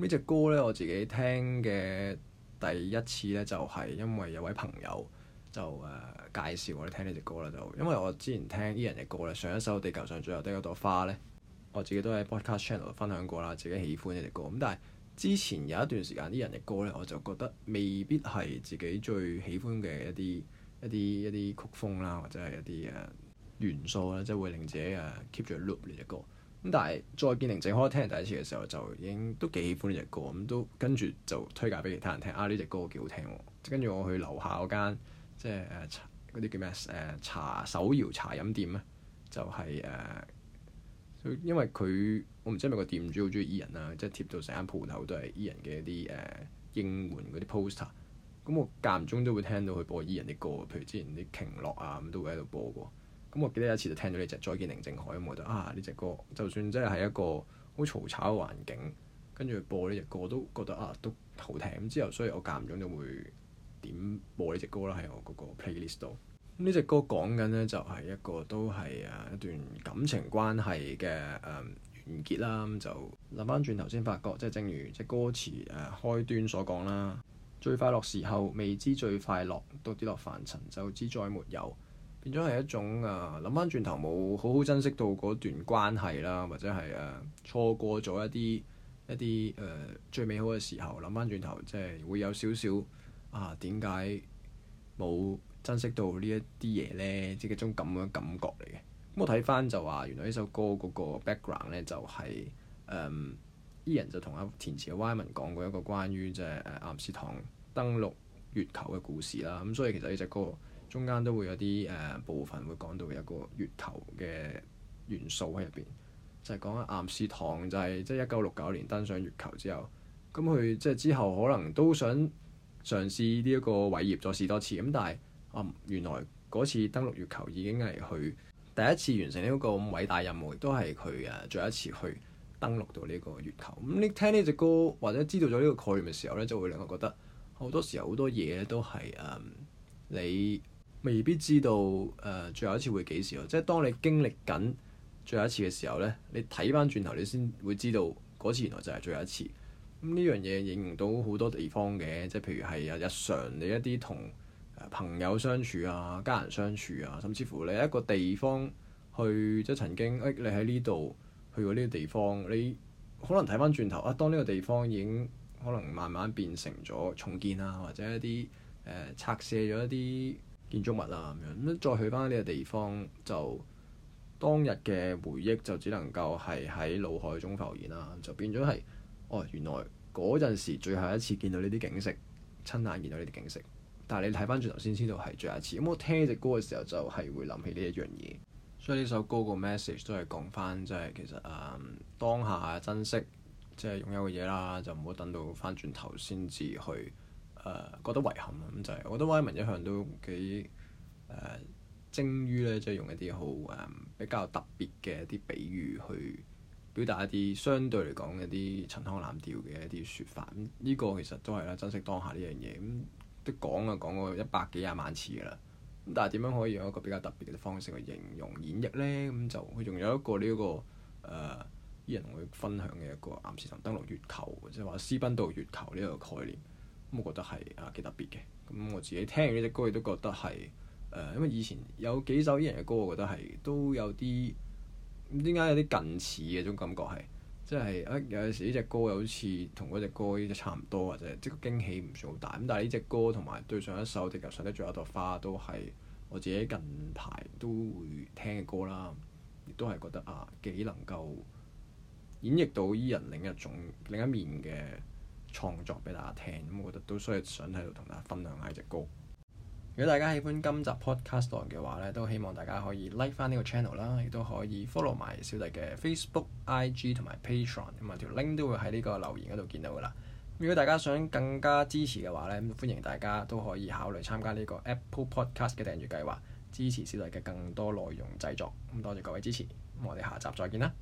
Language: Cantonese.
呢隻歌呢，我自己聽嘅第一次呢，就係、是、因為有位朋友就誒、呃、介紹我哋聽呢隻歌啦，就因為我之前聽 Ian 嘅歌呢，上一首地球上最後的一朵花呢，我自己都喺 Podcast Channel 分享過啦，自己喜歡呢隻歌。咁但係之前有一段時間，Ian 嘅歌呢，我就覺得未必係自己最喜歡嘅一啲一啲一啲曲風啦，或者係一啲誒、呃、元素啦，即係會令自己誒、呃、keep 住 loop 呢隻歌。咁但係再見零整開聽第一次嘅時候，就已經都幾喜歡呢隻歌，咁都跟住就推介俾其他人聽啊！呢隻歌幾好聽喎，跟住我去樓下嗰間即係誒、啊、茶嗰啲叫咩誒、啊、茶手搖茶飲店咧，就係、是、誒、啊，因為佢我唔知係咪個店主好中意伊人啊，即係貼到成間鋪頭都係伊人嘅一啲誒、啊、應援嗰啲 poster、啊。咁我間唔中都會聽到佢播伊人啲歌，譬如之前啲瓊樂啊，咁都會喺度播過。咁、嗯、我記得有一次就聽到呢隻《再見寧靜海》咁，我覺得啊呢隻歌，就算真係喺一個好嘈吵嘅環境，跟住播呢隻歌我都覺得啊都好聽。嗯、之後所以我間唔中就會點播呢隻歌啦喺我嗰個 playlist 度。呢隻歌講緊呢就係、是、一個都係啊一段感情關係嘅、嗯、完結啦。咁、嗯、就諗翻轉頭先發覺，即係正如即係歌詞誒、啊、開端所講啦，最快樂時候未知最快樂，到跌落凡塵就知再沒有。變咗係一種啊！諗翻轉頭冇好好珍惜到嗰段關係啦，或者係誒、啊、錯過咗一啲一啲誒、呃、最美好嘅時候。諗翻轉頭，即、就、係、是、會有少少啊，點解冇珍惜到呢一啲嘢咧？即係一種咁嘅感覺嚟嘅。咁我睇翻就話，原來呢首歌嗰個 background 咧，就係 Ian 就同阿填詞嘅 Wyman 講過一個關於即係誒岩士唐登陸月球嘅故事啦。咁所以其實呢隻歌，中間都會有啲誒、呃、部分會講到一個月球嘅元素喺入邊，就係、是、講緊岩士唐就係即係一九六九年登上月球之後，咁佢即係之後可能都想嘗試呢一個偉業，再試多次咁。但係啊，原來嗰次登陸月球已經係去第一次完成呢一個咁偉大任務，亦都係佢誒最後一次去登陸到呢個月球。咁你聽呢隻歌或者知道咗呢個概念嘅時候咧，就會令我覺得好多時候好多嘢咧都係誒、嗯、你。未必知道誒、呃、最後一次會幾時咯。即係當你經歷緊最後一次嘅時候呢，你睇翻轉頭，你先會知道嗰次原來就係最後一次。咁呢樣嘢影唔到好多地方嘅，即係譬如係日常你一啲同朋友相處啊、家人相處啊，甚至乎你一個地方去，即係曾經誒你喺呢度去過呢個地方，你可能睇翻轉頭啊，當呢個地方已經可能慢慢變成咗重建啊，或者一啲誒、呃、拆卸咗一啲。建築物啦、啊，咁樣，咁再去翻呢個地方，就當日嘅回憶就只能夠係喺腦海中浮現啦，就變咗係哦，原來嗰陣時最後一次見到呢啲景色，親眼見到呢啲景色，但係你睇翻轉頭先知道係最後一次。咁我聽隻歌嘅時候就係會諗起呢一樣嘢，所以呢首歌個 message 都係講翻即係其實誒、嗯、當下珍惜即係、就是、擁有嘅嘢啦，就唔好等到翻轉頭先至去。誒、呃、覺得遺憾咁，嗯、就係，是，我覺得韋文一向都幾誒、呃、精於咧，即、就、係、是、用一啲好誒比較特別嘅一啲比喻去表達一啲相對嚟講一啲陳腔濫調嘅一啲説法。呢、嗯、這個其實都係啦，珍惜當下呢樣嘢。咁、嗯、都講啊，講過一百幾廿萬次啦。咁但係點樣可以用一個比較特別嘅方式去形容演繹咧？咁、嗯、就佢仲有一個呢、這個誒啲人會分享嘅一個岩士唐登陸月球，即係話私奔到月球呢一個概念。咁我覺得係啊幾特別嘅，咁、嗯、我自己聽呢隻歌，亦都覺得係誒、呃，因為以前有幾首依人嘅歌，我覺得係都有啲點解有啲近似嘅種感覺，係即係啊有陣時呢隻歌又好似同嗰隻歌依隻差唔多，或者即個驚喜唔算好大，咁、嗯、但係呢隻歌同埋對上一首《地球上嘅最後一朵花》，都係我自己近排都會聽嘅歌啦，亦都係覺得啊幾能夠演繹到伊人另一種另一面嘅。創作俾大家聽，咁我覺得都需要想喺度同大家分享下歌。下隻歌。如果大家喜歡今集 podcast 嘅話咧，都希望大家可以 like 翻呢個 channel 啦，亦都可以 follow 埋小弟嘅 Facebook、IG 同埋 Patreon，咁啊條 link 都會喺呢個留言嗰度見到噶啦。如果大家想更加支持嘅話咧，咁歡迎大家都可以考慮參加呢個 Apple Podcast 嘅訂閱計劃，支持小弟嘅更多內容製作。咁多謝各位支持，咁我哋下集再見啦。